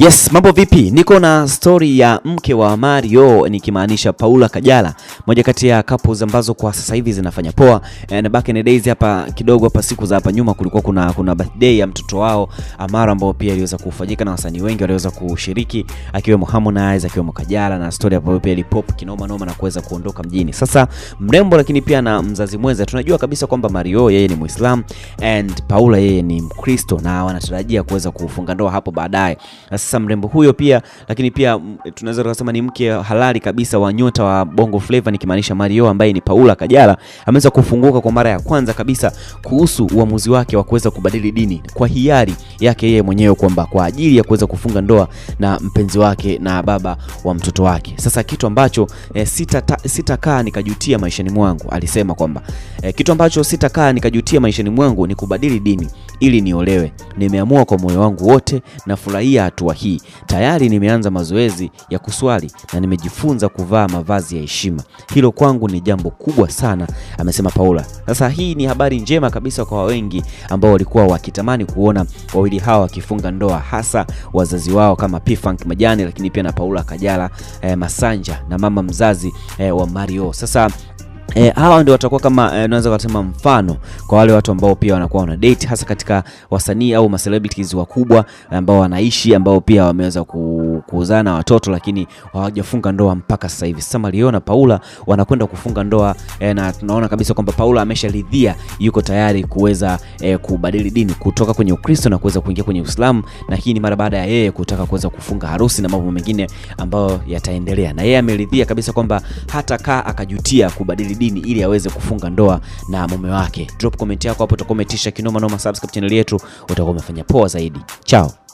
Yes, mambo vipi? Niko na stori ya mke wa Mario nikimaanisha Paula Kajala moja kati ya couples ambazo kwa sasa hivi zinafanya poa. Eh, and back in the days hapa kidogo hapa siku za hapa nyuma kulikuwa kuna kuna birthday ya mtoto wao Amara ambao pia iliweza kufanyika na wasanii wengi waliweza kushiriki akiwemo Harmonize, akiwemo Kajala na story ambayo pia ilipop kinoma noma na kuweza kuondoka mjini. Sasa mrembo lakini pia na mzazi mwenza, tunajua kabisa kwamba Mario yeye ni Muislam and Paula yeye ni Mkristo na wanatarajia kuweza kufunga ndoa hapo baadaye. Sasa mrembo huyo pia lakini pia mm, tunaweza kusema ni mke halali kabisa wa nyota wa Bongo Flava nikimaanisha Mario ambaye ni Paula Kajala ameweza kufunguka kwa mara ya kwanza kabisa kuhusu uamuzi wake wa kuweza kubadili dini kwa hiari yake yeye mwenyewe, kwamba kwa ajili ya kuweza kufunga ndoa na mpenzi wake na baba wa mtoto wake. Sasa kitu ambacho e, sitakaa sita nikajutia maishani mwangu, alisema kwamba e, kitu ambacho sitakaa nikajutia maishani mwangu ni kubadili dini ili niolewe. Nimeamua kwa moyo wangu wote, nafurahia hatua hii. Tayari nimeanza mazoezi ya kuswali na nimejifunza kuvaa mavazi ya heshima. Hilo kwangu ni jambo kubwa sana, amesema Paula. Sasa hii ni habari njema kabisa kwa wengi ambao walikuwa wakitamani kuona wawili hawa wakifunga ndoa, hasa wazazi wao kama P-Funk Majani, lakini pia na Paula Kajala eh, Masanja na mama mzazi eh, wa Mario. Sasa E, hawa ndio watakuwa kama e, naweza kusema mfano kwa wale watu ambao pia wanakuwa wana date hasa katika wasanii au ma celebrities wakubwa ambao wanaishi ambao pia wameweza ku kuzaa na watoto lakini hawajafunga ndoa mpaka sasa hivi. Sasa Marioo na Paula wanakwenda kufunga ndoa eh, na tunaona kabisa kwamba Paula amesharidhia, yuko tayari kuweza eh, kubadili dini kutoka kwenye Ukristo na kuweza kuingia kwenye Uislamu, na hii ni mara baada ya yeye kutaka kuweza kufunga harusi na mambo mengine ambayo yataendelea, na yeye ameridhia kabisa kwamba hata kaa akajutia kubadili dini ili aweze kufunga ndoa na mume wake. Drop comment yako hapo, utakometisha kinoma noma. Subscribe channel yetu, utakuwa umefanya poa zaidi. Chao.